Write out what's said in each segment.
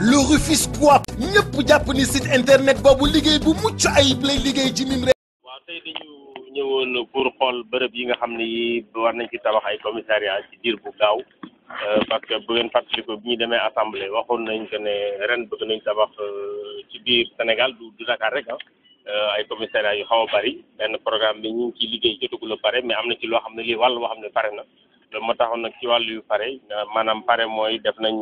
le Rufisquois ñëpp jàpp ni site internet boobu liggéey bu mucc ayib lay liggéey ci mim réew. waaw tey dañu ñëwoon pour xool bërëb yi nga xam ne yi war nañ ci tabax ay commissariat ci biir bu gaaw euh, parce que bu ngeen ko bi ñu demee assemblée waxoon nañ que ne ren bëgg nañ tabax euh, ci biir Sénégal du du Dakar rek ah ay commissariat yu xaw a bari benn programme bi ñu ngi ciy liggéey jotagul a pare mais am na ci loo xam ne lii wàll boo xam ne pare na. dama taxoon nag ci wàll yu pare maanaam pare mooy def nañ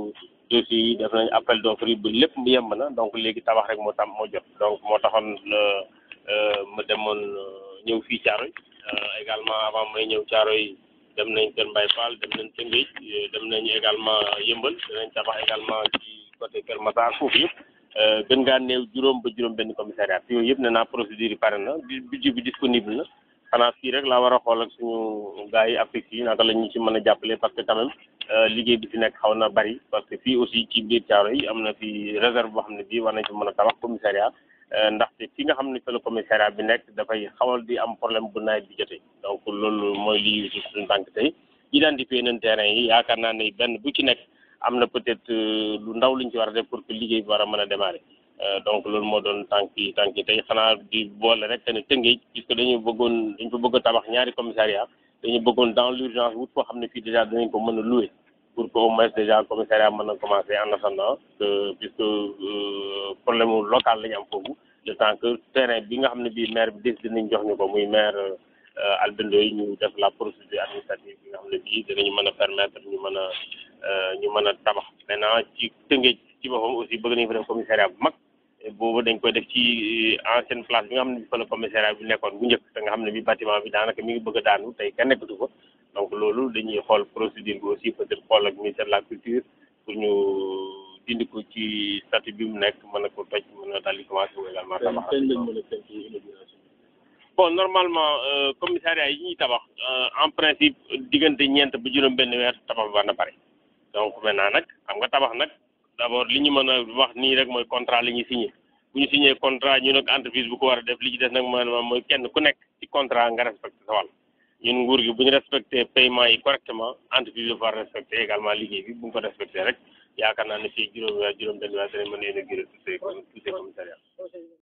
dossiers yi def nañ appel d'offre yi lépp yemb na donc léegi tabax rek moo tam moo jot donc moo taxoon euh, ma demoon euh, ñëw fii Thiaroye euh, également avant mooy ñëw caaro yi dem nañ Kër Mbaye Fall dem nañ Tëngéej dem nañ également yëmbal danañ tabax également ci côté Kër Massar foofu yëpp gën ngaa néew juróom ba juróom benn commissariat yooyu yëpp ne naa procédure yi pare na budget bi disponible na xanaa fii rek laa war a xool ak suñu gars yi Afrique yi naka la ñu ci mën a jàppale parce que quand même euh, liggéey bi fi nekk xaw na bari parce que fii aussi ci biir caaro yi am na fi réserve boo xam ne bii war nañ fi mën a tabax commissariat euh, ndaxte fi nga xam ne fa la commissariat bi nekk dafay xawal di am problème bu nawet bi jotee donc loolu mooy lii ci suñu tànk tey identifier nañ terrain yi yaakaar naa ne benn bu ci nekk am na peut-être euh, lu ndaw luñ ci war a def pour liggéey bi war a mën a démarrer. Euh, donc loolu moo doon tànk yi tànk yi tey xanaa di boole rek te ne Tëngéej puisque dañu bëggoon dañ ko bëgg tabax ñaari commissariat dañu bëggoon dans l'urgence wut foo xam ne fii déjà dañu ko mën a louer pour que au moins déjà commissariat mën a commencer en attendant que puisque euh, problème local lañu am foofu le temps que terrain bi nga xam ne bii maire bi décidé nañ jox ñu ko muy maire euh, albindo yi ñu def la procédure administrative bi nga xam ne bii dinañu mën a permettre ñu mën a ñu mën a tabax maintenant ci Tëngéej ci boppam aussi bëgg nañu fa bu mag boobu dañ koy def ci euh, ancienne place bi nga xam ne fa la commissariat bi nekkoon bu njëkk te nga xam ne bi bâtiment bi daanaka mi ngi bëgg a daanu tey kenn nekkatu fa donc loolu dañuy xool procédure bi aussi peut être xool ak ministère de la culture pour ñu dindi ko ci statut bi mu nekk mën a ko toj mën a daal di commencé également tabax bon normalement euh, commissariat yi ñuy tabax euh, en principe diggante ñeent ba juróom benn weer tabax ba na pare donc maintenant nag xam nga tabax nag d'abord li ñu mën a wax nii rek mooy contrat la ñuy signé bu ñu signé contrat ñu nag entreprise bu ko war a def li ci des nag maanaam mooy kenn ku nekk ci contrat nga respecté sa wàll ñun nguur gi bu ñu respecté paiement yi correctement entreprise dafa war a respecté liggéey bi bu ñu ko respecté rek yaakaar naa ne fii juróom-juróom benn weer dinañ mën a yéene gërëm tout ce commissariat